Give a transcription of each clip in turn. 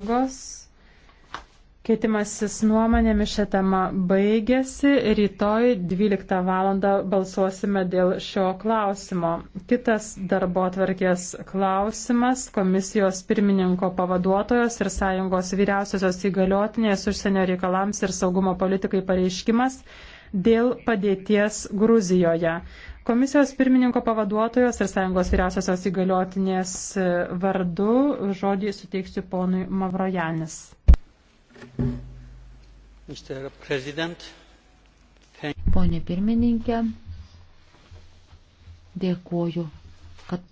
Kolegos, keitimasis nuomonėmis šią temą baigėsi. Rytoj 12 val. balsuosime dėl šio klausimo. Kitas darbo atvarkės klausimas - komisijos pirmininko pavaduotojos ir sąjungos vyriausiosios įgaliotinės užsienio reikalams ir saugumo politikai pareiškimas dėl padėties Gruzijoje. Komisijos pirmininko pavaduotojos ir Sąjungos vyriausiosios įgaliotinės vardu žodį suteiksiu ponui Mavrojanis. Pone pirmininkė, dėkuoju, kad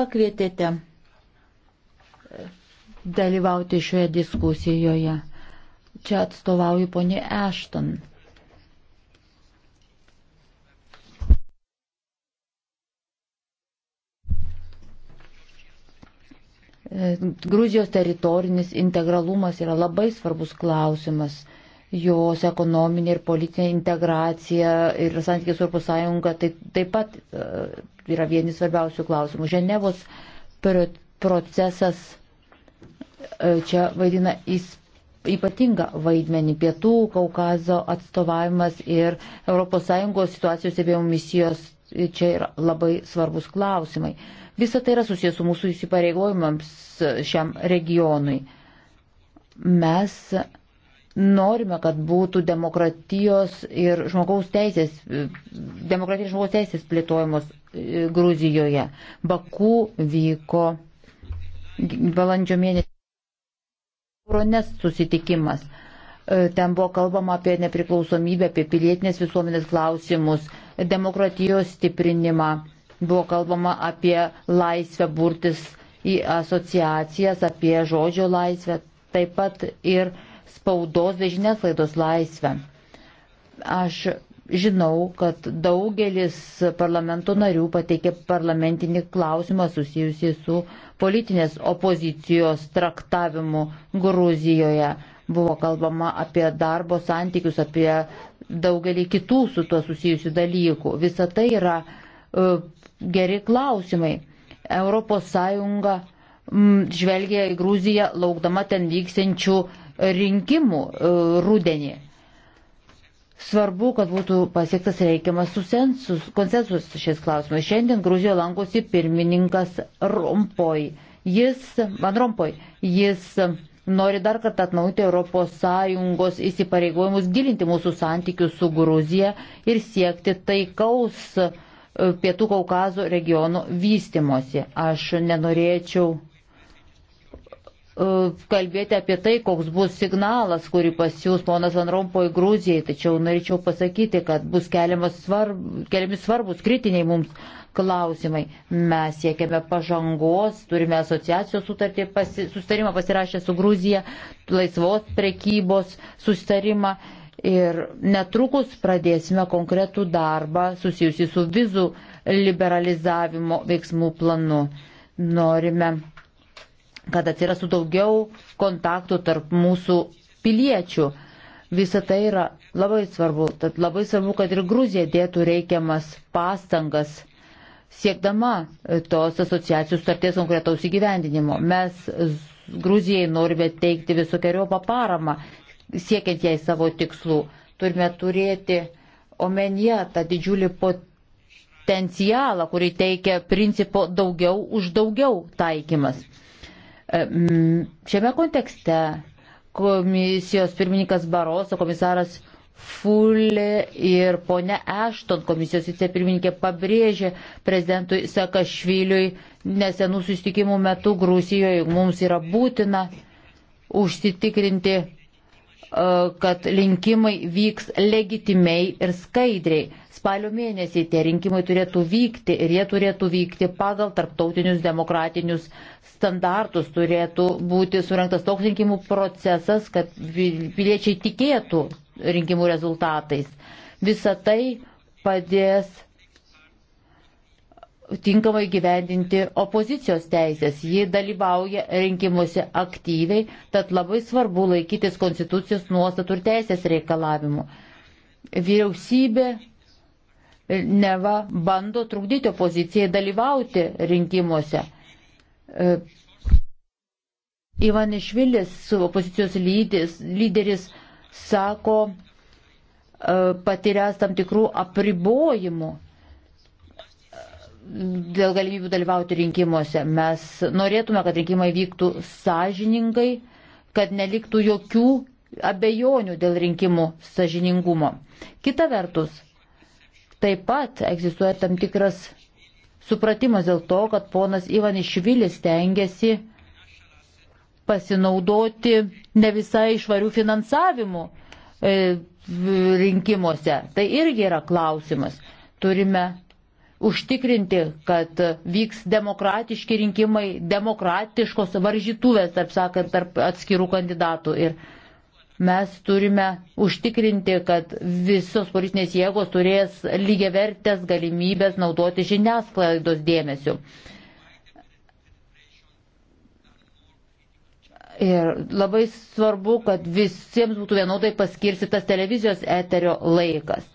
pakvietėte eh, dalyvauti šioje diskusijoje. Čia atstovauju ponė Ešton. E, Gruzijos teritorinis integralumas yra labai svarbus klausimas. Jos ekonominė ir politinė integracija ir santykis su Europos Sąjunga tai, taip pat e, yra vieni svarbiausių klausimų. Ženevos procesas e, čia vaidina ypatingą vaidmenį. Pietų Kaukazo atstovavimas ir ES situacijos stebėjimo misijos čia yra labai svarbus klausimai. Visa tai yra susijęs su mūsų įsipareigojimams šiam regionui. Mes norime, kad būtų demokratijos ir žmogaus teisės, demokratijos žmogaus teisės plėtojamos e, Gruzijoje. Baku vyko balandžio mėnesį. Rones susitikimas. E, ten buvo kalbama apie nepriklausomybę, apie pilietinės visuomenės klausimus, demokratijos stiprinimą, buvo kalbama apie laisvę burtis į asociacijas, apie žodžio laisvę, taip pat ir spaudos bei žiniasklaidos laisvę. Aš žinau, kad daugelis parlamento narių pateikė parlamentinį klausimą susijusį su politinės opozicijos traktavimu Gruzijoje. Buvo kalbama apie darbo santykius, apie daugelį kitų su tuo susijusių dalykų. Visa tai yra e, geri klausimai. ES žvelgia į Gruziją laukdama ten vyksiančių rinkimų e, rudenį. Svarbu, kad būtų pasiektas reikiamas susensus, konsensus šiais klausimais. Šiandien Gruzijoje lankosi pirmininkas Rompoj. Jis, man Rompoj, jis nori dar kartą atnaujinti ES įsipareigojimus gilinti mūsų santykius su Gruzija ir siekti taikaus e, Pietų Kaukazo regiono vystimosi. Aš nenorėčiau e, kalbėti apie tai, koks bus signalas, kurį pasiūs ponas Van Rompoj Gruzijai, tačiau norėčiau pasakyti, kad bus svarb, keliami svarbus kritiniai mums klausimai. Mes siekiame pažangos, turime asociacijos sutartį, pasi, sustarimą pasirašę su Gruzija, laisvos prekybos sustarimą ir netrukus pradėsime konkretų darbą susijusi su vizų liberalizavimo veiksmų planu. Norime, kad atsirastų daugiau kontaktų tarp mūsų piliečių. Visa tai yra labai svarbu. Tad labai svarbu, kad ir Gruzija dėtų reikiamas pastangas siekdama e, tos asociacijos starties konkretaus įgyvendinimo. Mes Gruzijai norime teikti visokiojo paparamą, siekiant jai savo tikslų. Turime turėti omenyje tą didžiulį potencialą, kurį teikia principo daugiau už daugiau taikymas. E, šiame kontekste komisijos pirmininkas Baroso, komisaras Fulė ir ponia Ešton komisijos vicepirmininkė pabrėžė prezidentui Sakašviliui nesenų susitikimų metu Gruzijoje, mums yra būtina užsitikrinti, e, kad rinkimai vyks legitimiai ir skaidriai. Spalio mėnesį tie rinkimai turėtų vykti ir jie turėtų vykti pagal tarptautinius demokratinius standartus. Turėtų būti surinktas toks rinkimų procesas, kad piliečiai tikėtų rinkimų rezultatais. Visa tai padės tinkamai gyvendinti opozicijos teisės. Ji dalyvauja rinkimuose aktyviai, tad labai svarbu laikytis konstitucijos nuostatų ir teisės reikalavimų. Vyriausybė neva bando trukdyti opozicijai dalyvauti rinkimuose. E, Ivanišvilis, opozicijos lyderis, lyderis sako, e, patirias tam tikrų apribojimų e, dėl galimybių dalyvauti rinkimuose. Mes norėtume, kad rinkimai vyktų sąžiningai, kad neliktų jokių abejonių dėl rinkimų sąžiningumo. Kita vertus, taip pat egzistuoja tam tikras supratimas dėl to, kad ponas Ivanišvilis tengiasi uh, pasinaudoti ne visai švarių finansavimų e, rinkimuose. Tai irgi yra klausimas. Turime užtikrinti, kad vyks demokratiški rinkimai, demokratiškos varžytuvės, taip sakant, tarp atskirų kandidatų. Ir mes turime užtikrinti, kad visos politinės jėgos turės lygiavertės galimybės naudoti žiniasklaidos dėmesiu. Ir labai svarbu, kad visiems būtų vienodai paskirstytas televizijos eterio laikas.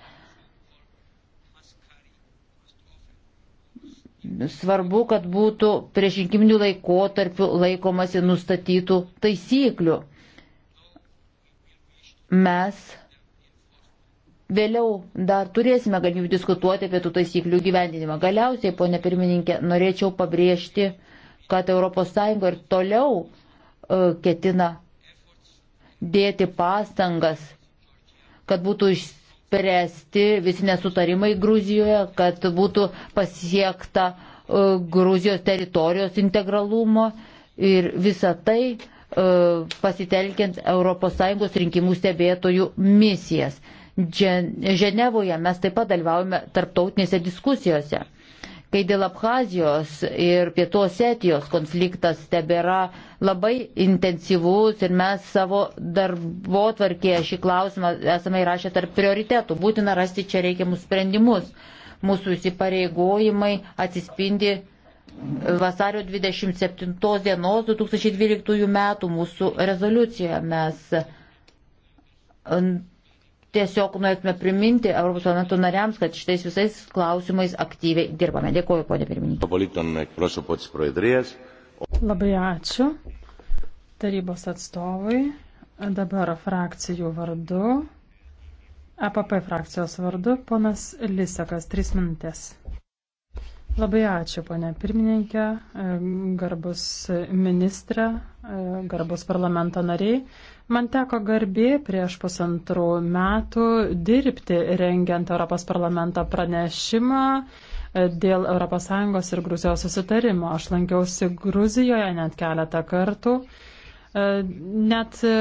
Svarbu, kad būtų priešrinkiminių laikotarpių laikomasi nustatytų taisyklių. Mes vėliau dar turėsime galimybę diskutuoti apie tų taisyklių gyvendinimą. Galiausiai, ponė pirmininkė, norėčiau pabrėžti, kad ES ir toliau E, ketina dėti pastangas, kad būtų išspręsti visi nesutarimai Gruzijoje, kad būtų pasiekta e, Gruzijos teritorijos integralumo ir visa tai e, pasitelkiant ES rinkimų stebėtojų misijas. Ženevoje mes taip pat dalyvaujame tarptautinėse diskusijose kai dėl Abhazijos ir Pietos Etijos konfliktas tebėra labai intensyvus ir mes savo darbo tvarkėje šį klausimą esame įrašę tarp prioritetų. Būtina rasti čia reikiamus sprendimus. Mūsų įsipareigojimai atsispindi vasario 27 dienos 2012 metų mūsų rezoliucijoje. Mes tiesiog norėtume priminti Europos parlamento nariams, kad šitais visais klausimais aktyviai dirbame. Dėkuoju, ponė pirmininkė. Labai ačiū tarybos atstovai. Dabar frakcijų vardu. APP e frakcijos vardu ponas Lisakas, trys minutės. Labai ačiū, ponė pirmininkė, e, garbus ministrė, e, garbus parlamento nariai. Man teko garbė prieš pusantrų metų dirbti rengiant Europos parlamento pranešimą e, dėl ES ir Gruzijos susitarimo. Aš lankiausi Gruzijoje net keletą kartų. E, net e,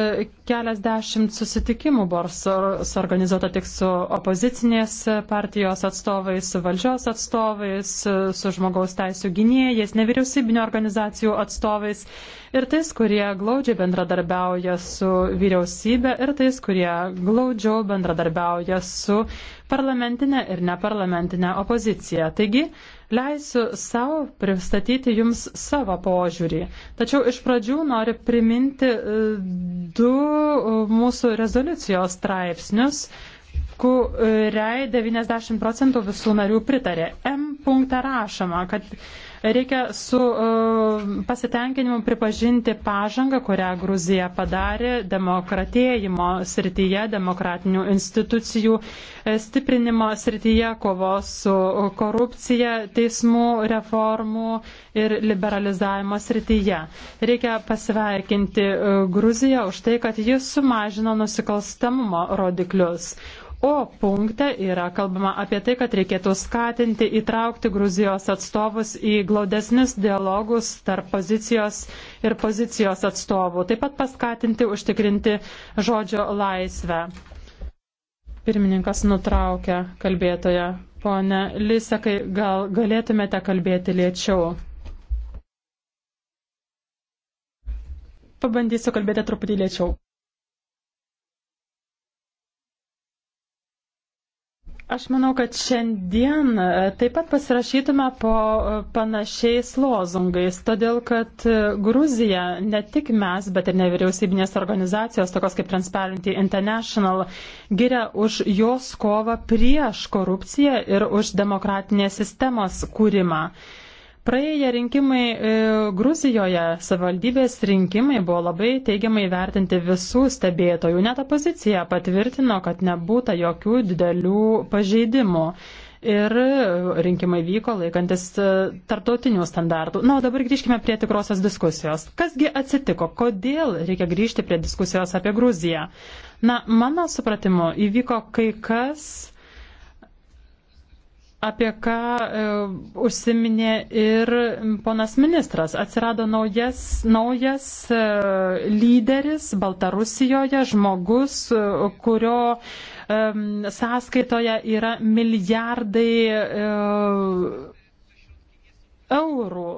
keliasdešimt susitikimų buvo suorganizuota tik su opozicinės partijos atstovais, su valdžios atstovais, su žmogaus teisų gynėjais, nevyriausybinio organizacijų atstovais ir tais, kurie glaudžiai bendradarbiauja su vyriausybė, ir tais, kurie glaudžiau bendradarbiauja su parlamentinė ir neparlamentinė opozicija. Taigi, leisiu savo pristatyti jums savo požiūrį. Tačiau iš pradžių noriu priminti e, du e, mūsų rezoliucijos straipsnius kuriai 90 procentų visų narių pritarė. M punkte rašoma, kad Reikia su e, pasitenkinimu pripažinti pažangą, kurią Gruzija padarė demokratėjimo srityje, demokratinių institucijų e, stiprinimo srityje, kovos su korupcija, teismų reformų ir liberalizavimo srityje. Reikia pasveikinti e, Gruziją už tai, kad jis sumažino nusikalstamumo rodiklius. O punkte yra kalbama apie tai, kad reikėtų skatinti įtraukti Gruzijos atstovus į glaudesnis dialogus tarp pozicijos ir pozicijos atstovų, taip pat paskatinti užtikrinti žodžio laisvę. Pirmininkas nutraukė kalbėtoją. Pone Lisekai, gal galėtumėte kalbėti lėčiau? Pabandysiu kalbėti truputį lėčiau. Aš manau, kad šiandien e, taip pat pasirašytume po e, panašiais lozungais, todėl kad e, Gruzija, ne tik mes, bet ir nevyriausybinės organizacijos, tokios kaip Transparency International, giria už jos kovą prieš korupciją ir už demokratinės sistemos kūrimą. Praėję rinkimai e, Gruzijoje, savivaldybės rinkimai buvo labai teigiamai vertinti visų stebėtojų. Net opozicija patvirtino, kad nebūta jokių didelių pažeidimų. Ir e, rinkimai vyko laikantis e, tartautinių standartų. Na, o dabar grįžkime prie tikrosios diskusijos. Kasgi atsitiko? Kodėl reikia grįžti prie diskusijos apie Gruziją? Na, mano supratimu, įvyko kai kas apie ką e, užsiminė ir ponas ministras. Atsirado naujas, naujas e, lyderis Baltarusijoje, žmogus, e, kurio e, sąskaitoje yra milijardai e, eurų.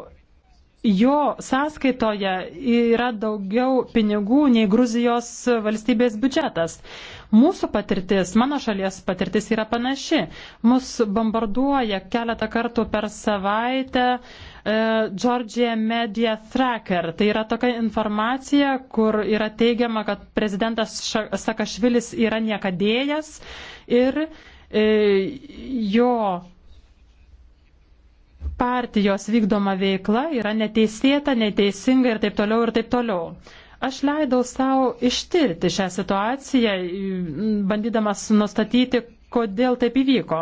Jo sąskaitoje yra daugiau pinigų nei Gruzijos valstybės biudžetas. Mūsų patirtis, mano šalies patirtis yra panaši. Mus bombarduoja keletą kartų per savaitę e, Georgia Media Tracker. Tai yra tokia informacija, kur yra teigiama, kad prezidentas Sakašvilis yra niekadėjas ir e, jo partijos vykdoma veikla yra neteisėta, neteisinga ir taip toliau ir taip toliau. Aš leidau savo ištirti šią situaciją, bandydamas nustatyti, kodėl taip įvyko.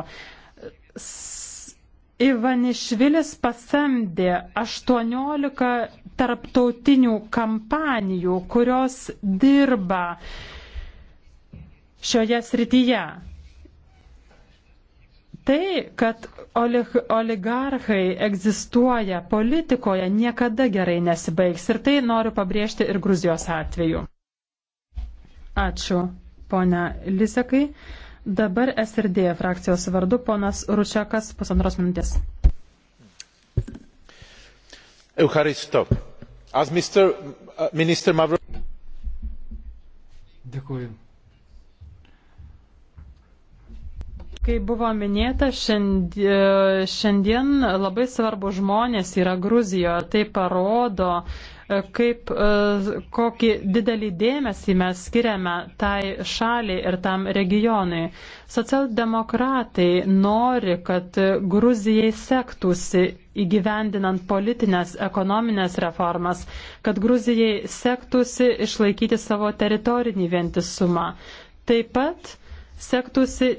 Ivanišvilis pasamdė 18 tarptautinių kampanijų, kurios dirba šioje srityje. Tai, kad oligarchai egzistuoja politikoje, niekada gerai nesibaigs. Ir tai noriu pabrėžti ir Gruzijos atveju. Ačiū, ponia Lisekai. Dabar SRD frakcijos vardu ponas Ručiakas pusantros minutės. Eucharisto. As Mr. Uh, minister Mavro. Dėkuoju. Kaip buvo minėta, šiandien, šiandien labai svarbu žmonės yra Gruzijoje. Tai parodo, kaip, kokį didelį dėmesį mes skiriame tai šaliai ir tam regionui. Socialdemokratai nori, kad Gruzijai sektųsi įgyvendinant politinės, ekonominės reformas, kad Gruzijai sektųsi išlaikyti savo teritorinį vientisumą. Taip pat sektųsi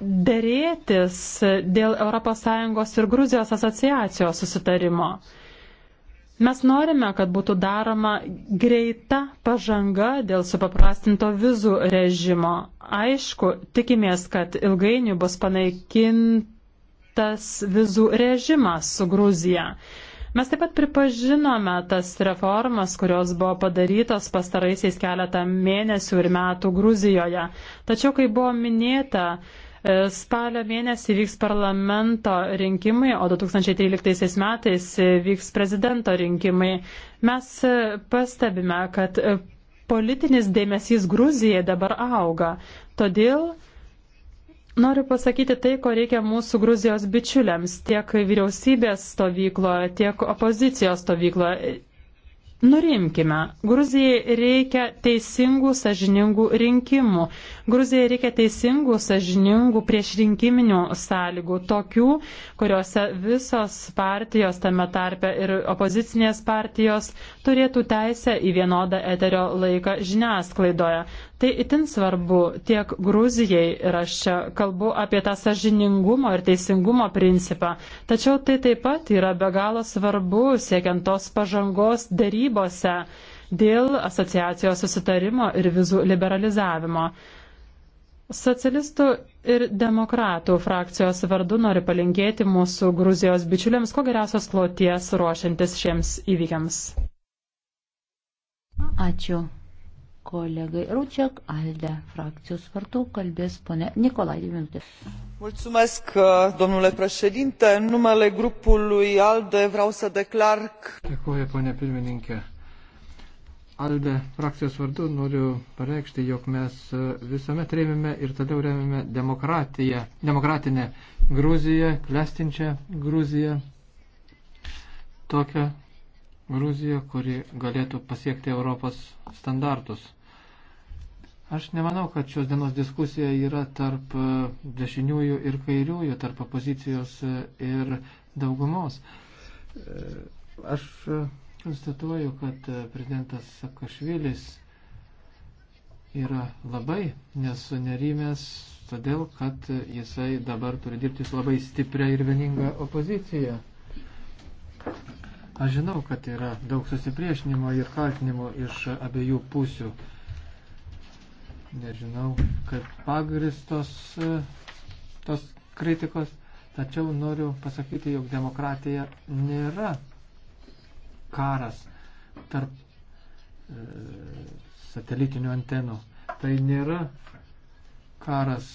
dėrėtis dėl ES ir Gruzijos asociacijos susitarimo. Mes norime, kad būtų daroma greita pažanga dėl supaprastinto vizų režimo. Aišku, tikimės, kad ilgainiui bus panaikintas vizų režimas su Gruzija. Mes taip pat pripažinome tas reformas, kurios buvo padarytos pastaraisiais keletą mėnesių ir metų Gruzijoje. Tačiau, kai buvo minėta, Spalio mėnesį vyks parlamento rinkimai, o 2013 metais vyks prezidento rinkimai. Mes pastebime, kad politinis dėmesys Gruzijai dabar auga. Todėl noriu pasakyti tai, ko reikia mūsų Gruzijos bičiuliams tiek vyriausybės stovykloje, tiek opozicijos stovykloje. Nurimkime, Gruzijai reikia teisingų, sažiningų rinkimų. Gruzijai reikia teisingų, sažiningų priešrinkiminių sąlygų, tokių, kuriuose visos partijos, tame tarpe ir opozicinės partijos, turėtų teisę į vienodą eterio laiką žiniasklaidoje. Tai itin svarbu tiek Gruzijai ir aš čia kalbu apie tą sažiningumo ir teisingumo principą. Tačiau tai taip pat yra be galo svarbu siekiant tos pažangos darybose dėl asociacijos susitarimo ir vizų liberalizavimo. Socialistų ir demokratų frakcijos vardu noriu palinkėti mūsų Gruzijos bičiuliams ko geriausios kloties ruošiantis šiems įvykiams. Ačiū colegăi Ruciac, ALDE, fracțius Sfărtu, Călbesc, Pânea, Nicolae, de minute. Mulțumesc, domnule președinte. În numele grupului ALDE vreau să declar că... Dėkuoju, ponia pirmininkė. ALDE frakcijos vardu noriu pareikšti, jog mes visuomet rėmėme ir toliau rėmėme demokratiją, demokratinę Gruziją, klestinčią Gruziją, tokią Gruzija, kuri galėtų pasiekti Europos standartus. Aš nemanau, kad šios dienos diskusija yra tarp e, dešiniųjų ir kairiųjų, tarp opozicijos e, ir daugumos. E, aš konstatuoju, kad prezidentas Sakašvilis yra labai nesunerimęs, todėl kad jisai dabar turi dirbti su labai stipria ir vieninga opozicija. Aš žinau, kad yra daug susipriešinimo ir kaltinimo iš abiejų pusių. Nežinau, kad pagristos e, tos kritikos, tačiau noriu pasakyti, jog demokratija nėra karas tarp e, satelitinių antenų. Tai nėra karas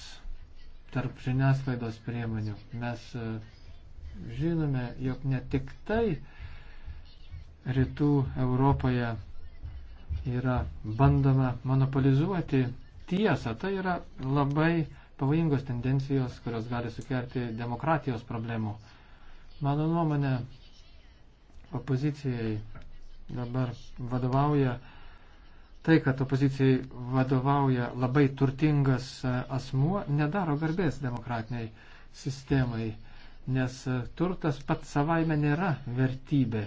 tarp žiniasklaidos priemonių. Mes e, žinome, jog ne tik tai e, rytų Europoje yra bandoma monopolizuoti tiesą. Tai yra labai pavojingos tendencijos, kurios gali sukelti demokratijos problemų. Mano nuomonė, opozicijai dabar vadovauja tai, kad opozicijai vadovauja labai turtingas e, asmuo, nedaro garbės demokratiniai sistemai, nes e, turtas pat savaime nėra vertybė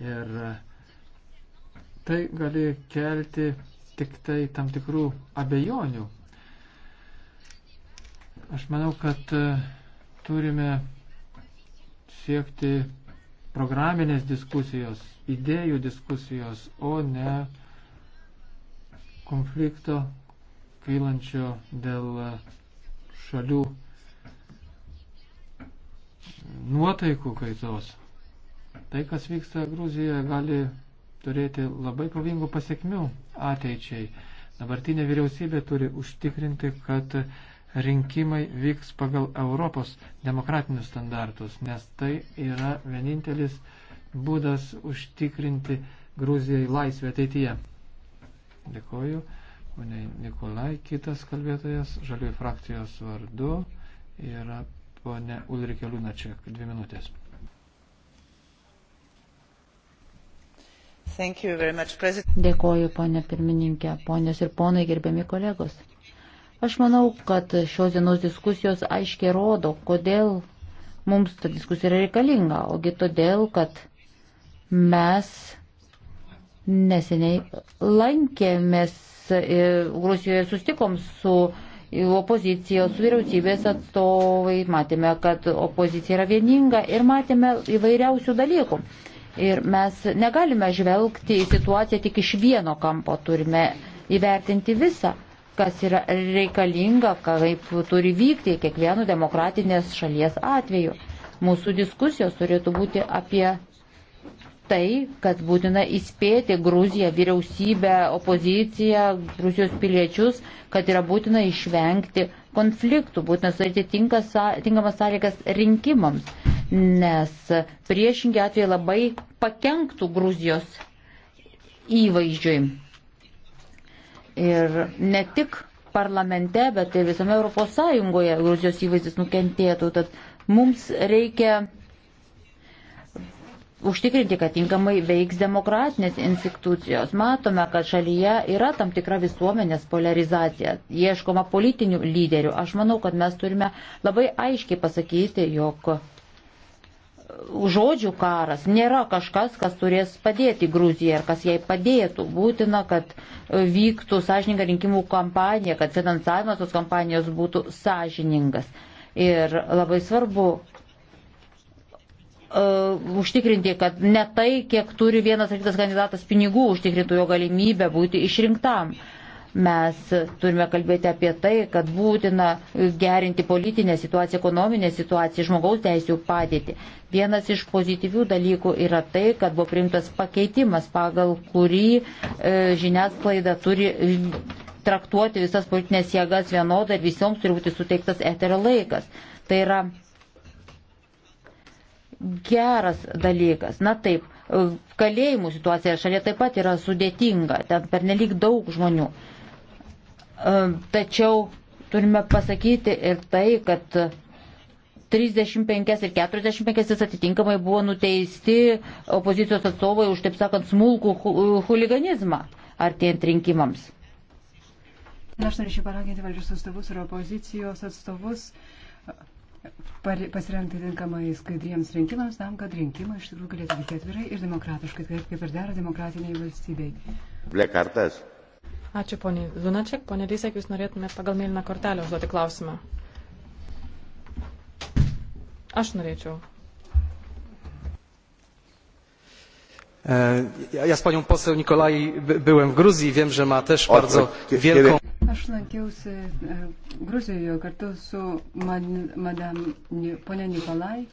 Ir e, tai gali kelti tik tai tam tikrų abejonių. Aš manau, kad e, turime siekti programinės diskusijos, idėjų diskusijos, o ne konflikto kylančio dėl e, šalių nuotaikų kaitos. Tai, kas vyksta Gruzijoje, gali turėti labai pavingų pasiekmių ateičiai. Dabartinė vyriausybė turi užtikrinti, kad rinkimai vyks pagal Europos demokratinius standartus, nes tai yra vienintelis būdas užtikrinti Gruzijai laisvę ateityje. Dėkoju. Pane Nikolai, kitas kalbėtojas, žaliųjų frakcijos vardu yra ponė Ulrike Lunačiak, dvi minutės. Much, Dėkoju, ponė pirmininkė, ponės ir ponai, gerbiami kolegos. Aš manau, kad šios dienos diskusijos aiškiai rodo, kodėl mums ta diskusija yra reikalinga, ogi todėl, kad mes neseniai lankėmės e, Rusijoje sustikom su opozicijos vyriausybės atstovai, matėme, kad opozicija yra vieninga ir matėme įvairiausių dalykų. Ir mes negalime žvelgti į situaciją tik iš vieno kampo, turime įvertinti visą, kas yra reikalinga, kaip turi vykti kiekvienų demokratinės šalies atveju. Mūsų diskusijos turėtų būti apie tai, kad būtina įspėti Gruziją, vyriausybę, opoziciją, Gruzijos piliečius, kad yra būtina išvengti konfliktų, būtina sudaryti tinkamas sąlygas rinkimams, nes priešingi atveju labai pakenktų Gruzijos įvaizdžiui. Ir ne tik parlamente, bet ir visame Europos Sąjungoje Gruzijos įvaizdis nukentėtų. Tad mums reikia užtikrinti, kad tinkamai veiks demokratinės institucijos. Matome, kad šalyje yra tam tikra visuomenės polarizacija, ieškoma politinių lyderių. Aš manau, kad mes turime labai aiškiai pasakyti, jog e, žodžių karas nėra kažkas, kas turės padėti Gruzijai ir kas jai padėtų. Būtina, kad e, vyktų sąžininga rinkimų kampanija, kad finansavimas tos kampanijos būtų sąžiningas. Ir labai svarbu, uh, užtikrinti, kad ne tai, kiek turi vienas ar kitas kandidatas pinigų, užtikrintų jo galimybę būti išrinktam. Mes turime kalbėti apie tai, kad būtina gerinti politinę situaciją, ekonominę situaciją, žmogaus teisų padėtį. Vienas iš pozityvių dalykų yra tai, kad buvo priimtas pakeitimas, pagal kurį e, žiniasklaida turi e, traktuoti visas politinės jėgas vienodai ir visoms turi būti suteiktas eterio laikas. Tai yra geras dalykas. Na taip, kalėjimų situacija šalia taip pat yra sudėtinga, ten pernelik daug žmonių. E, tačiau turime pasakyti ir tai, kad 35 ir 45 atitinkamai buvo nuteisti opozicijos atstovai už, taip sakant, smulkų huliganizmą artėjant rinkimams. Na, aš norėčiau paraginti valdžios atstovus ir opozicijos atstovus uh, pasirengti tinkamai skaidriems rinkimams, tam, kad rinkimai iš tikrųjų galėtų vykti atvirai ir demokratiškai, kaip ir dera demokratiniai valstybei. Blekartas. Ačiū, ponė Lunačiak. Pone Lysek, jūs norėtumėt pagal mėlyną kortelę užduoti klausimą. Aš norėčiau. E, ja z panią poseł Nikolai byłem w Gruzji, wiem, że ma też bardzo wielką... Aš lankiausi e, Gruzijoje kartu su man, madam ponia Nikolai.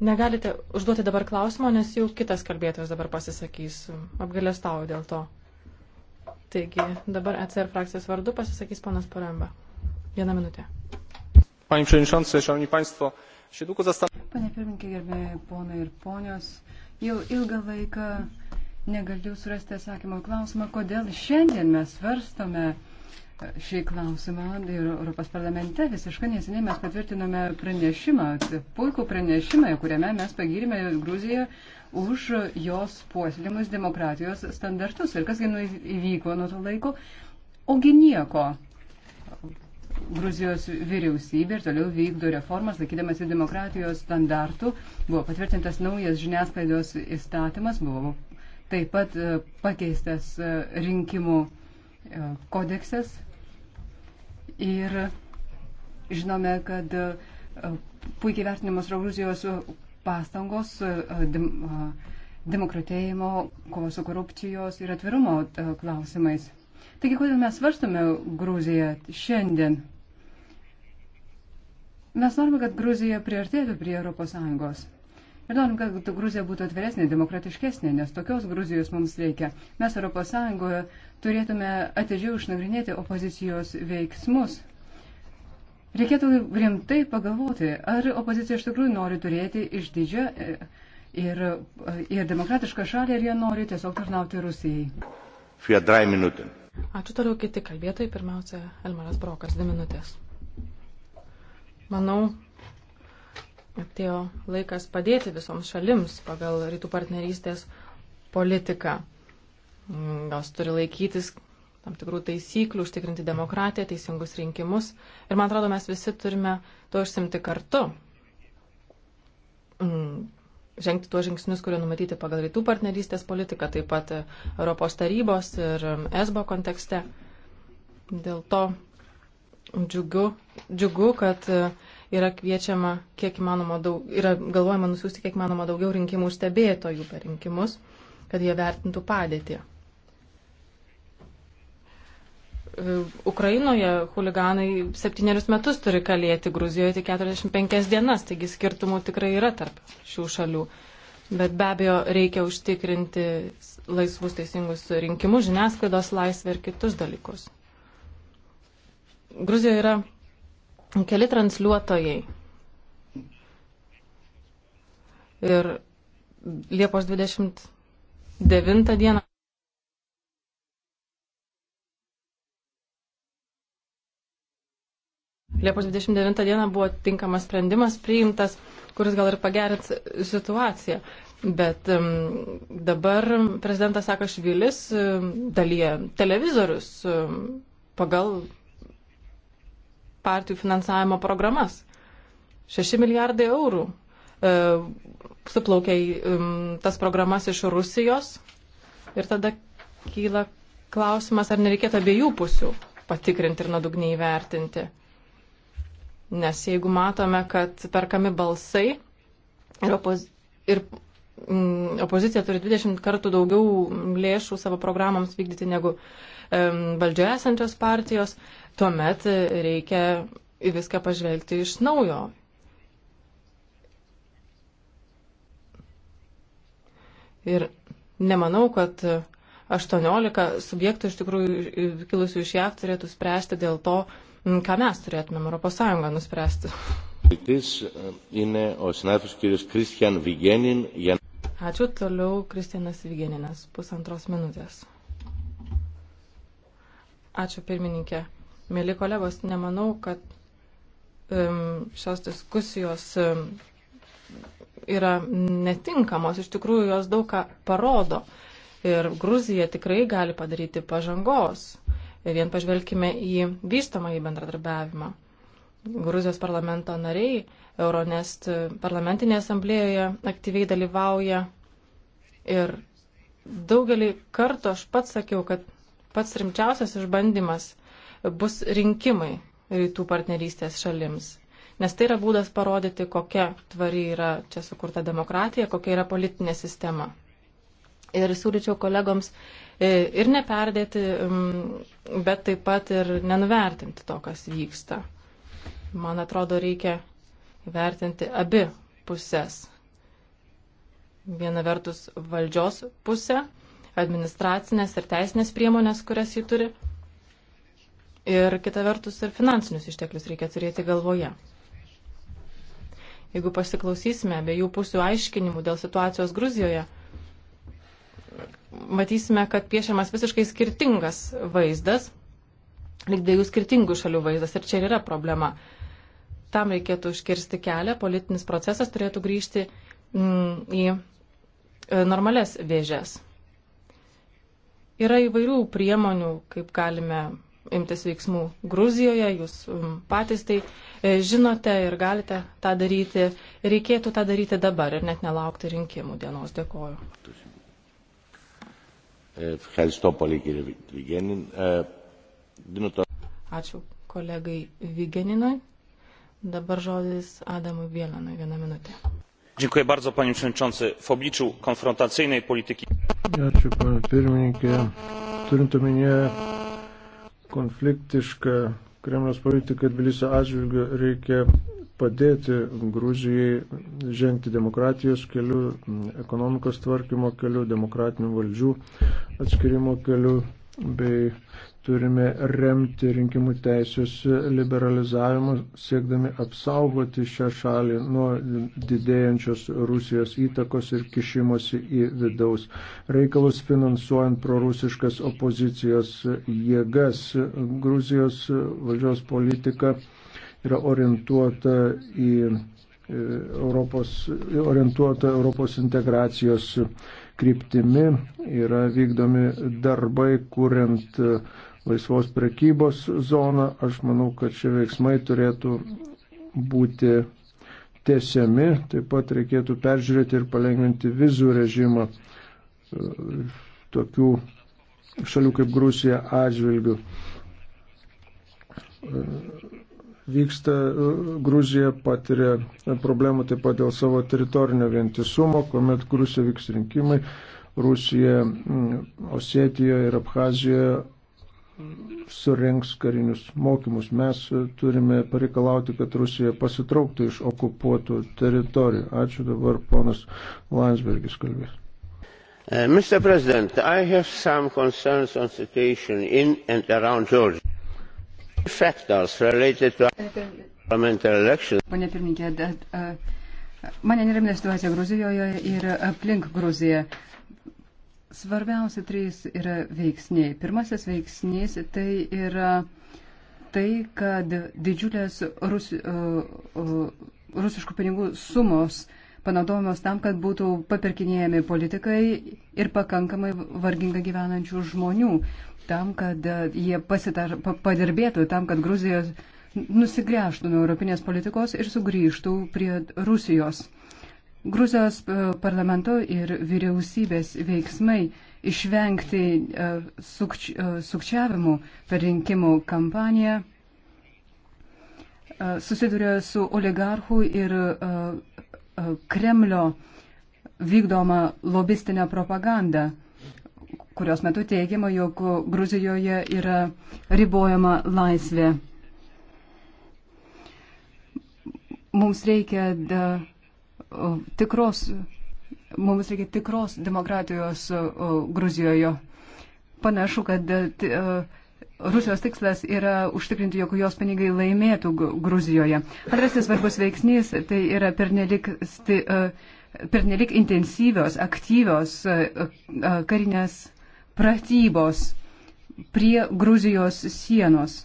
Negalite užduoti dabar klausimo, nes jau kitas kalbėtojas dabar pasisakys. Apgalėstau dėl to. Taigi dabar ECR frakcijos vardu pasisakys ponas Paremba. Vieną minutę. Panie Przewodniczący, Szanowni Państwo, się długo zastanawiam. Panie Pirmininkie, gerbėjai ponai ir ponios, jau ilgą laiką. Mm negaliu surasti atsakymo klausimą, kodėl šiandien mes svarstome šį klausimą ir Europos parlamente visiškai neseniai mes patvirtinome pranešimą, puikų pranešimą, kuriame mes pagirime Gruziją už jos puoselimus demokratijos standartus. Ir kasgi nu įvyko nuo to laiko? Ogi nieko. Gruzijos vyriausybė ir toliau vykdo reformas, laikydamasi demokratijos standartų. Buvo patvirtintas naujas žiniasklaidos įstatymas, buvo taip pat e, pakeistas e, rinkimų e, kodeksas. Ir žinome, kad puikiai vertinimas Gruzijos pastangos demokratėjimo, kovos su korupcijos ir atvirumo klausimais. Taigi, kodėl mes svarstame Gruziją šiandien? Mes norime, kad Gruzija priartėtų prie ES. Ir norim, kad Gruzija būtų atviresnė, demokratiškesnė, nes tokios Gruzijos mums reikia. Mes ES turėtume atidžiau išnagrinėti opozicijos veiksmus. Reikėtų rimtai pagalvoti, ar opozicija iš tikrųjų nori turėti išdidžią e, ir, e, ir demokratišką šalį, ar jie nori tiesiog tarnauti Rusijai. Ačiū toliau kiti kalbėtojai, pirmiausia, Elmaras Brokas, dvi minutės. Manau, atėjo laikas padėti visoms šalims pagal rytų partnerystės politiką. Jos turi laikytis tam tikrų taisyklių, užtikrinti demokratiją, teisingus rinkimus. Ir man atrodo, mes visi turime to išsimti kartu. Mm, žengti tuos žingsnius, kurie numatyti pagal rytų partnerystės politiką, taip pat Europos tarybos ir ESBO kontekste. Dėl to džiugu, džiugu kad uh, yra kviečiama kiek įmanoma daug, yra galvojama nusiųsti kiek įmanoma daugiau rinkimų stebėtojų per rinkimus, kad jie vertintų padėtį. E, Ukrainoje huliganai septynerius metus turi kalėti, Gruzijoje tik 45 dienas, taigi skirtumų tikrai yra tarp šių šalių. Bet be abejo reikia užtikrinti laisvus teisingus rinkimus, žiniasklaidos laisvę ir kitus dalykus. Gruzijoje yra keli transliuotojai. Ir Liepos 29 dieną. Liepos 29 dieną buvo tinkamas sprendimas priimtas, kuris gal ir pagerins situaciją. Bet um, dabar prezidentas Sakašvilis um, dalyja televizorius um, pagal partijų finansavimo programas. 6 milijardai eurų e, suplaukia į e, tas programas iš Rusijos. Ir tada kyla klausimas, ar nereikėtų abiejų pusių patikrinti ir nuodugniai vertinti. Nes jeigu matome, kad perkami balsai ir, opoz ir mm, opozicija turi 20 kartų daugiau lėšų savo programoms vykdyti negu mm, valdžioje esančios partijos tuomet reikia į viską pažvelgti iš naujo. Ir nemanau, kad 18 subjektų iš tikrųjų kilusių iš JAV turėtų spręsti dėl to, ką mes turėtumėm ES nuspręsti. Uh, uh, Ačiū toliau Kristianas Vigeninas, pusantros minutės. Ačiū pirmininkė. Mėly kolegos, nemanau, kad šios diskusijos yra netinkamos. Iš tikrųjų, jos daug ką parodo. Ir Gruzija tikrai gali padaryti pažangos. Vien pažvelkime į vystomą į bendradarbiavimą. Gruzijos parlamento nariai Euronest parlamentinėje asamblėjoje aktyviai dalyvauja. Ir daugelį kartų aš pats sakiau, kad pats rimčiausias išbandymas bus rinkimai rytų partnerystės šalims. Nes tai yra būdas parodyti, kokia tvari yra čia sukurta demokratija, kokia yra politinė sistema. Ir siūlyčiau kolegoms e, ir neperdėti, bet taip pat ir nenuvertinti to, kas vyksta. Man atrodo, reikia vertinti abi pusės. Viena vertus valdžios pusė, administracinės ir teisinės priemonės, kurias jį turi Ir kita vertus ir finansinius išteklius reikia turėti galvoje. Jeigu pasiklausysime abiejų pusių aiškinimų dėl situacijos Gruzijoje, matysime, kad piešiamas visiškai skirtingas vaizdas, lyg dviejų skirtingų šalių vaizdas. Ir čia ir yra problema. Tam reikėtų užkirsti kelią, politinis procesas turėtų grįžti mm, į e, normales vėžės. Yra įvairių priemonių, kaip galime imtis veiksmų Gruzijoje, jūs um, patys tai e, žinote ir galite tą daryti. Reikėtų tą daryti dabar ir net nelaukti rinkimų dienos. Dėkoju. Ačiū kolegai Vigeninui. Dabar žodis Adamui Bielanui. Vieną minutę. Dziękuję bardzo, panie przewodniczący. W obliczu konfrontacyjnej polityki. Ačiū, panie pirmininkė. Turint omenyje konfliktišką Kremliaus politiką Tbilisio atžvilgiu reikia padėti Gruzijai žengti demokratijos keliu, ekonomikos tvarkymo keliu, demokratinių valdžių atskirimo keliu bei turime remti rinkimų teisės liberalizavimą, siekdami apsaugoti šią šalį nuo didėjančios Rusijos įtakos ir kišimosi į vidaus reikalus, finansuojant prorusiškas opozicijos jėgas. Gruzijos valdžios politika yra orientuota į e, Europos, orientuota Europos integracijos kryptimi, yra vykdomi darbai, kuriant laisvos prekybos zoną. Aš manau, kad šie veiksmai turėtų būti tiesiami. Taip pat reikėtų peržiūrėti ir palengventi vizų režimą e, tokių šalių kaip Grūsija atžvilgių. E, vyksta e, Gruzija patiria problemų taip pat dėl savo teritorinio vientisumo, kuomet Gruzija vyks rinkimai, Rusija, Osetijoje ir Abhazijoje surenks karinius mokymus. Mes turime pareikalauti, kad Rusija pasitrauktų iš okupuotų teritorijų. Ačiū dabar ponas Landsbergis kalbės. Uh, Mr. President, I have some concerns on situation in and around Georgia. Factors related to parliamentary elections. Pane pirmininkė, uh, mane neramina situacija Gruzijoje ir aplink Gruziją. Svarbiausia trys yra veiksniai. Pirmasis veiksnys tai yra tai, kad didžiulės rus, rusiškų pinigų sumos panaudojamos tam, kad būtų papirkinėjami politikai ir pakankamai vargingai gyvenančių žmonių, tam, kad jie pasitar, padirbėtų, tam, kad Gruzijos nusigręžtų nuo europinės politikos ir sugrįžtų prie Rusijos. Gruzijos e, parlamento ir vyriausybės veiksmai išvengti e, sukč, e, sukčiavimų per rinkimų kampaniją susiduria su oligarchų ir Kremlio vykdoma lobistinė propaganda, kurios metu teigiama, jog Gruzijoje yra ribojama laisvė. Mums reikia da, tikros, mums reikia tikros demokratijos Gruzijoje. Panašu, kad e, e, Rusijos tikslas yra užtikrinti, jog jos pinigai laimėtų Gruzijoje. Antrasis svarbus veiksnys tai yra pernelik, sti, e, pernelik intensyvios, aktyvios karinės pratybos prie Gruzijos sienos.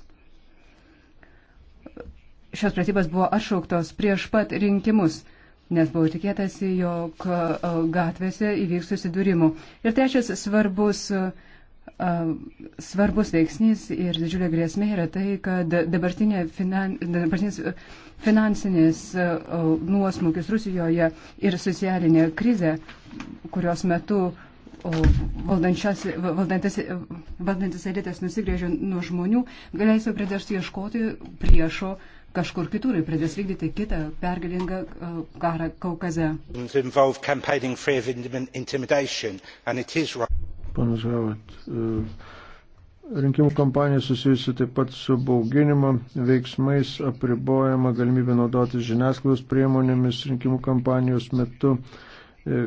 Šios pratybos buvo atšauktos prieš pat rinkimus nes buvo tikėtasi, jog gatvėse įvyks susidūrimų. Ir trečias svarbus, svarbus veiksnys ir didžiulė grėsmė yra tai, kad dabartinė finan, dabartinis finansinis nuosmukis Rusijoje ir socialinė krizė, kurios metu valdantis elitas nusigrėžė nuo žmonių, galėsiu pradėti ieškoti priešo kažkur kitur ir pradės vykdyti kitą pergalingą e, karą Kaukaze. Panas Gavat, e, rinkimų kampanija susijusi taip pat su bauginimo veiksmais, apribojama galimybė naudotis žiniasklaidos priemonėmis rinkimų kampanijos metu e,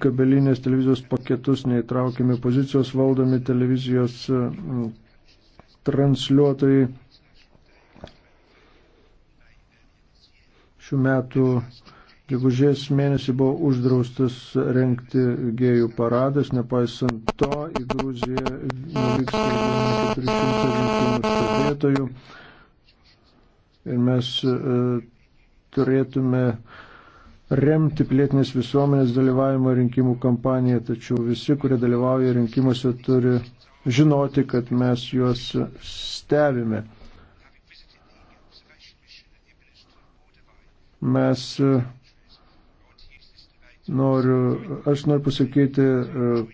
kabelinės televizijos paketus neįtraukiami pozicijos valdomi televizijos transliuotojai šių metų gegužės mėnesį buvo uždraustas renkti gėjų paradas, nepaisant to į Gruziją vyksta 400 rinkimų stebėtojų. Ir mes e, turėtume remti plėtinės visuomenės dalyvavimo rinkimų kampaniją, tačiau visi, kurie dalyvauja rinkimuose, turi žinoti, kad mes juos stebime. Mes e, noriu, aš noriu pasakyti, e,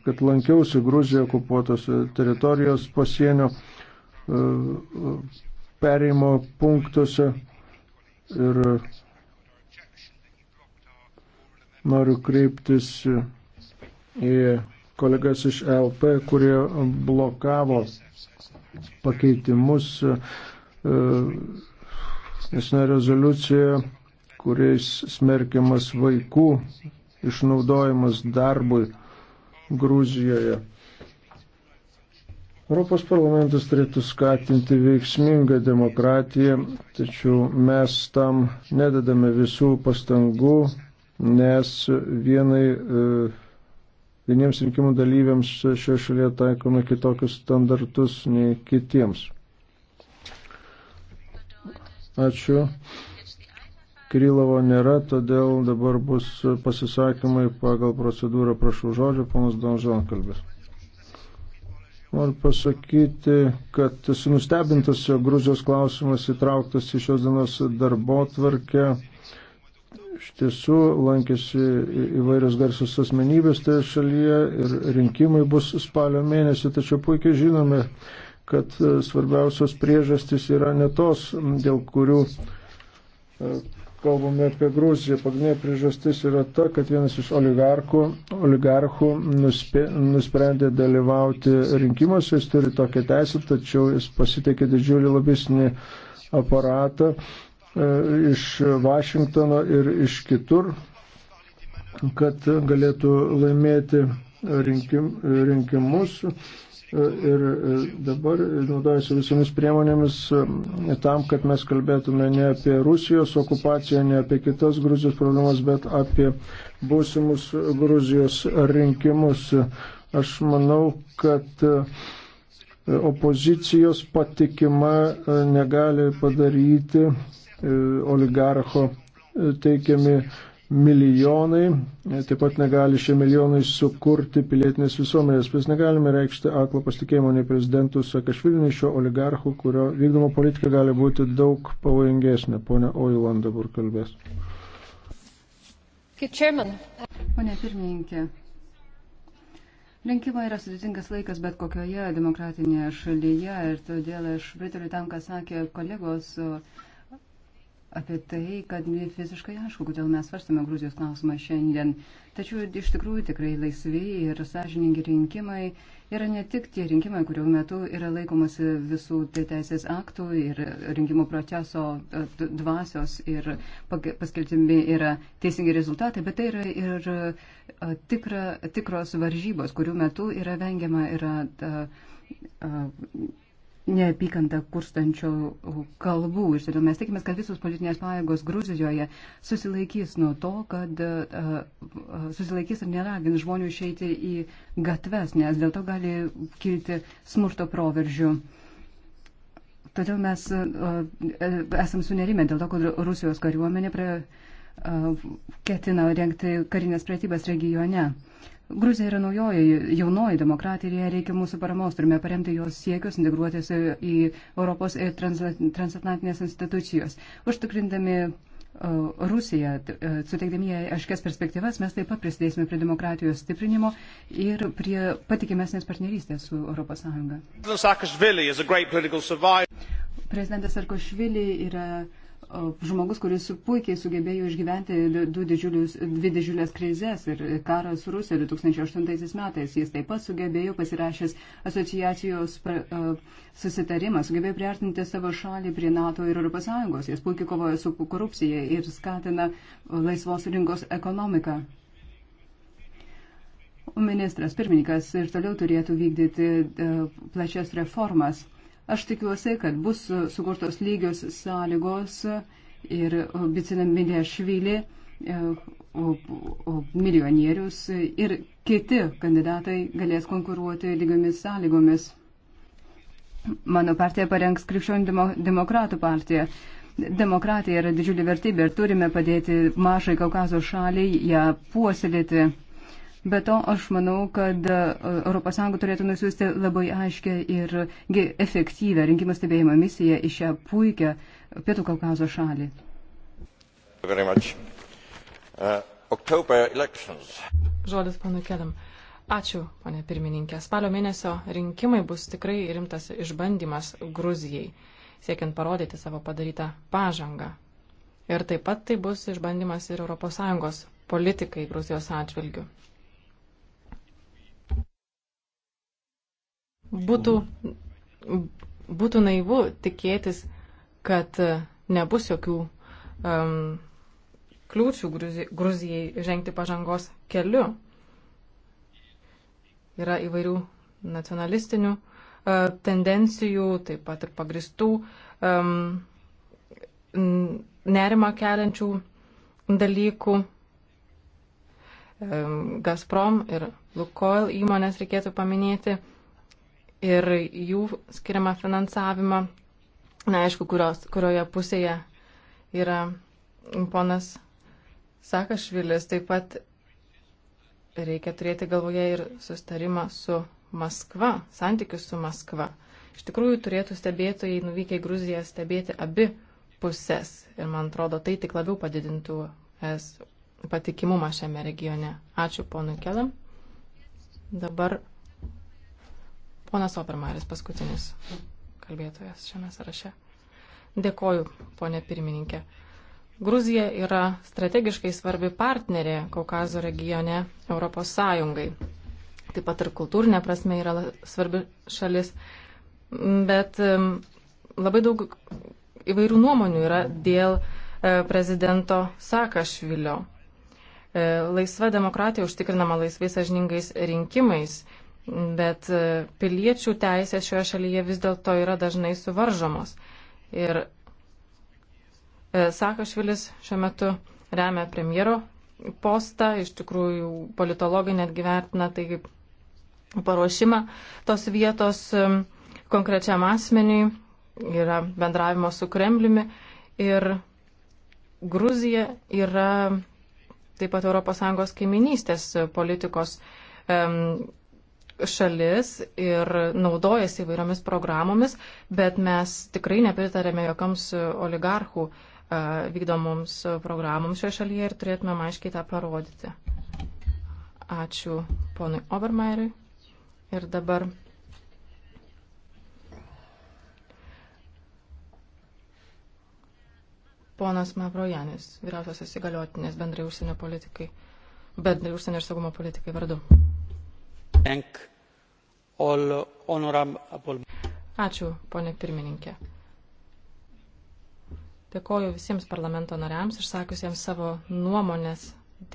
kad lankiausi Gruzijoje okupuotos teritorijos pasienio e, perėjimo punktuose ir noriu kreiptis į kolegas iš LP, kurie blokavo pakeitimus, nes rezoliucija kuriais smerkiamas vaikų išnaudojimas darbui Gruzijoje. Europos parlamentas turėtų skatinti veiksmingą demokratiją, tačiau mes tam nededame visų pastangų, nes vienai, e, vieniems rinkimų dalyviams šioje šalyje taikome kitokius standartus nei kitiems. Ačiū. Krylovo nėra, todėl dabar bus pasisakymai pagal procedūrą. Prašau žodžio, panas Donžan kalbės. Noriu pasakyti, kad esu nustebintas, jog Gruzijos klausimas įtrauktas į šios dienos darbo tvarkę. Iš tiesų lankėsi įvairios garsios asmenybės toje šalyje ir rinkimai bus spalio mėnesį, tačiau puikiai žinome, kad svarbiausios priežastys yra ne tos, dėl kurių kalbame apie Gruziją, pagrindinė priežastis yra ta, kad vienas iš oligarkų, oligarchų nuspė, nusprendė dalyvauti rinkimuose, jis turi tokią teisę, tačiau jis pasitekė didžiulį lobistinį aparatą e, iš Vašingtono ir iš kitur, kad galėtų laimėti rinkim, rinkimus. E, ir e, dabar naudojasi visomis priemonėmis e, tam, kad mes kalbėtume ne apie Rusijos okupaciją, ne apie kitas Gruzijos problemas, bet apie būsimus Gruzijos rinkimus. Aš manau, kad opozicijos patikima negali padaryti oligarcho teikiami milijonai, taip pat negali šie milijonai sukurti pilietinės visuomenės. Mes negalime reikšti aklo pasitikėjimo nei prezidentų Sakašvilniui šio oligarchų, kurio vykdomo politika gali būti daug pavojingesnė. Pone Oiland dabar kalbės. Pone pirmininkė, rinkimai yra sudėtingas laikas bet kokioje demokratinėje šalyje ir todėl aš pritariu tam, ką sakė kolegos. Uh, apie tai, kad visiškai aišku, kodėl mes svarstame Gruzijos klausimą šiandien. Tačiau iš tikrųjų tikrai laisvi ir sąžiningi rinkimai yra ne tik tie rinkimai, kurių metu yra laikomasi visų teisės aktų ir rinkimų proceso e, dvasios ir paskelbtimi yra teisingi rezultatai, bet tai yra ir e, tikra, tikros varžybos, kurių metu yra vengiama yra. Ta, e, a, neapykantą kurstančių kalbų. Ir todėl mes tikimės, kad visos politinės pajėgos Gruzijoje susilaikys nuo to, kad uh, susilaikys ir neragins žmonių išeiti į gatves, nes dėl to gali kilti smurto proveržių. Todėl mes uh, esam sunerime dėl to, kad Rusijos kariuomenė prie, uh, ketina rengti karinės pratybas regione. Uh, Gruzija yra naujoji, jaunoji demokratija ir jai reikia mūsų paramos. Turime paremti jos siekius integruotis į Europos ir e, transatlantinės institucijos. Užtikrindami e, Rusiją, e, suteikdami jai aiškias perspektyvas, mes taip pat prisidėsime prie demokratijos stiprinimo ir prie patikimesnės partnerystės su ES. Prezidentas Sarkošvili yra žmogus, kuris puikiai sugebėjo išgyventi dvi didžiulės krizės ir karas Rusija 2008 metais. Jis taip pat sugebėjo pasirašęs asociacijos susitarimą, sugebėjo priartinti savo šalį prie NATO ir ES. Jis puikiai kovoja su korupcija ir skatina laisvos rinkos ekonomiką. Ministras pirmininkas ir toliau turėtų vykdyti plačias reformas Aš tikiuosi, kad bus sukurtos lygios sąlygos ir Bicina Midėšvili, e, milijonierius ir kiti kandidatai galės konkuruoti lygiomis sąlygomis. Mano partija parengs Krikščionių demokratų partiją. Demokratija yra didžiulė vertybė ir turime padėti mažai Kaukazo šaliai ją puoselėti. Be to, aš manau, kad ES turėtų nusiųsti labai aiškę ir efektyvę rinkimų stebėjimo misiją į šią puikią Pietų Kaukazo šalį. Uh, Žodis panu Kedam. Ačiū, ponė pirmininkė. Spalio mėnesio rinkimai bus tikrai rimtas išbandymas Gruzijai, siekiant parodyti savo padarytą pažangą. Ir taip pat tai bus išbandymas ir ES politikai Gruzijos atžvilgių. Būtų, būtų naivu tikėtis, kad nebus jokių um, kliūčių Gruzijai, Gruzijai žengti pažangos keliu. Yra įvairių nacionalistinių uh, tendencijų, taip pat ir pagristų um, nerima keliančių dalykų. Um, Gazprom ir Lukoil įmonės reikėtų paminėti ir jų skiriamą finansavimą. Na, aišku, kurios, kurioje pusėje yra ponas Sakašvilis. Taip pat reikia turėti galvoje ir sustarimą su Maskva, santykius su Maskva. Iš tikrųjų, turėtų stebėtojai nuvykę į Gruziją stebėti abi pusės. Ir man atrodo, tai tik labiau padidintų es patikimumą šiame regione. Ačiū ponui Kelam. Dabar Ponas Opermaris, paskutinis kalbėtojas šiame sąraše. Dėkoju, ponė pirmininkė. Gruzija yra strategiškai svarbi partnerė Kaukazo regione Europos Sąjungai. Taip pat ir kultūrinė prasme yra svarbi šalis. Bet labai daug įvairių nuomonių yra dėl e, prezidento Sakašvilio. E, laisva demokratija užtikrinama laisvai sažiningais rinkimais bet e, piliečių teisės šioje šalyje vis dėlto yra dažnai suvaržomos. Ir e, Sakašvilis šiuo metu remia premjero postą, iš tikrųjų politologai netgi vertina tai kaip paruošimą tos vietos e, konkrečiam asmeniui, yra bendravimo su Kremliumi ir Gruzija yra taip pat ES kaiminystės politikos um, šalis ir naudojasi įvairiomis programomis, bet mes tikrai nepritarėme jokioms oligarchų e, vykdomoms programoms šioje šalyje ir turėtume aiškiai tą parodyti. Ačiū ponui Obermeiriui. Ir dabar ponas Mavrojanis, vyriausiasis įgaliotinės bendrai užsienio politikai, bendrai užsienio ir saugumo politikai vardu. Ačiū, ponė pirmininkė. Dėkoju visiems parlamento nariams išsakusiems savo nuomonės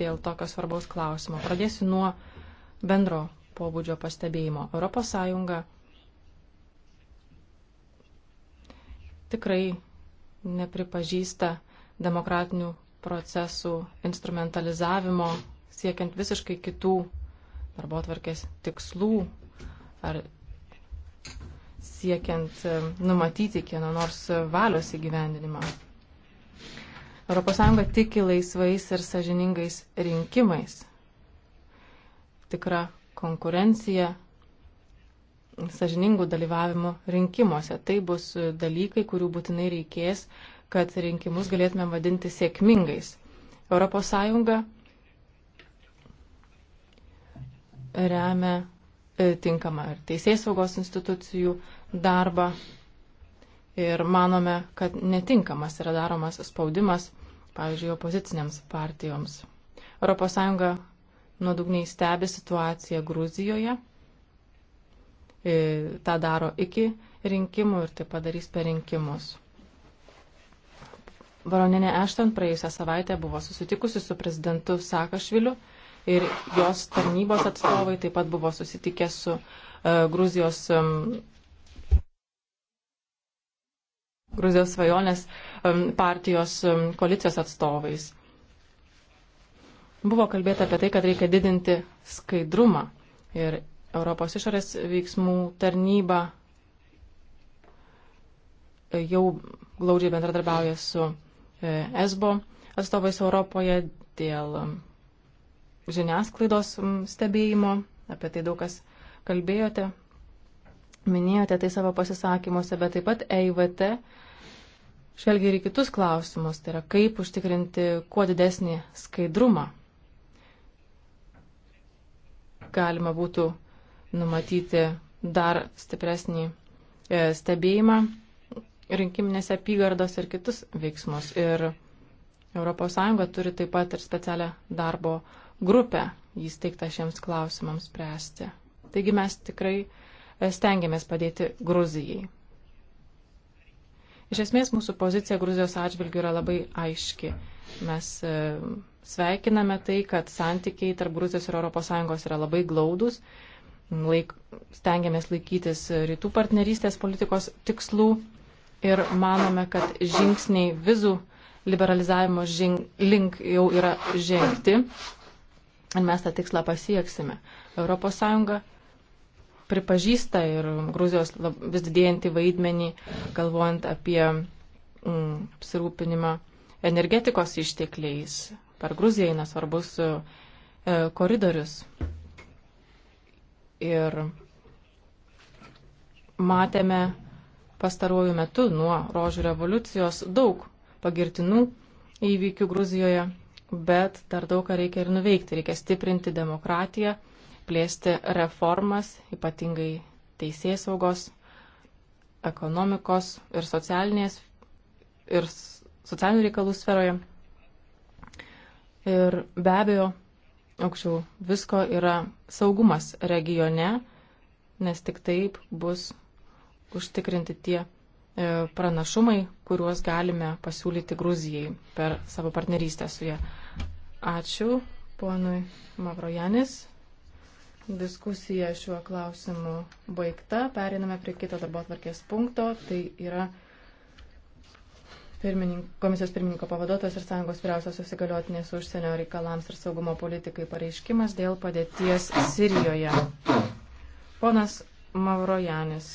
dėl tokio svarbaus klausimo. Pradėsiu nuo bendro pobūdžio pastebėjimo. Europos Sąjunga tikrai nepripažįsta demokratinių procesų instrumentalizavimo, siekiant visiškai kitų darbo atvarkės tikslų ar siekiant e, numatyti kieno nors valios įgyvendinimą. ES tiki laisvais ir sažiningais rinkimais. Tikra konkurencija sažiningų dalyvavimų rinkimuose. Tai bus dalykai, kurių būtinai reikės, kad rinkimus galėtume vadinti sėkmingais. ES remia e, tinkamą ir teisės saugos institucijų darbą. Ir manome, kad netinkamas yra daromas spaudimas, pavyzdžiui, opozicinėms partijoms. ES nuodugniai stebi situaciją Gruzijoje. E, Ta daro iki rinkimų ir tai padarys per rinkimus. Baroninė Ešton praėjusią savaitę buvo susitikusi su prezidentu Sakašviliu ir jos tarnybos atstovai taip pat buvo susitikę su uh, Gruzijos. Um, Gruzijos svajonės um, partijos um, koalicijos atstovais. Buvo kalbėta apie tai, kad reikia didinti skaidrumą ir Europos išorės veiksmų tarnyba e, jau glaudžiai bendradarbiauja su e, ESBO atstovais Europoje dėl žiniasklaidos stebėjimo, apie tai daug kas kalbėjote, minėjote tai savo pasisakymuose, bet taip pat EIVT žvelgia ir į kitus klausimus, tai yra kaip užtikrinti kuo didesnį skaidrumą. Galima būtų numatyti dar stipresnį e, stebėjimą rinkiminėse apygardos ir kitus veiksmus. Ir ES turi taip pat ir specialią darbo grupę įsteigtą šiems klausimams spręsti. Taigi mes tikrai e, stengiamės padėti Gruzijai. Iš esmės mūsų pozicija Gruzijos atžvilgių yra labai aiški. Mes e, sveikiname tai, kad santykiai tarp Gruzijos ir ES yra labai glaudus. Laik, stengiamės laikytis rytų partnerystės politikos tikslų ir manome, kad žingsniai vizų liberalizavimo žing, link jau yra žengti ir mes tą tikslą pasieksime. ES pripažįsta ir Gruzijos vis didėjantį vaidmenį, galvojant apie mm, apsirūpinimą energetikos ištekliais. Per Gruziją eina svarbus e, koridorius. Ir matėme pastaruoju metu nuo rožių revoliucijos daug pagirtinų įvykių Gruzijoje bet dar daug ką reikia ir nuveikti. Reikia stiprinti demokratiją, plėsti reformas, ypatingai teisės saugos, ekonomikos ir socialinės ir socialinių reikalų sferoje. Ir be abejo, aukščiau visko yra saugumas regione, nes tik taip bus užtikrinti tie e, pranašumai, kuriuos galime pasiūlyti Gruzijai per savo partnerystę su jie. Ačiū ponui Mavrojanis. Diskusija šiuo klausimu baigta. Periname prie kito darbo atvarkės punkto. Tai yra pirmininko, komisijos pirmininko pavaduotojas ir sąjungos vyriausiosios įgaliotinės užsienio reikalams ir saugumo politikai pareiškimas dėl padėties Sirijoje. Ponas Mavrojanis.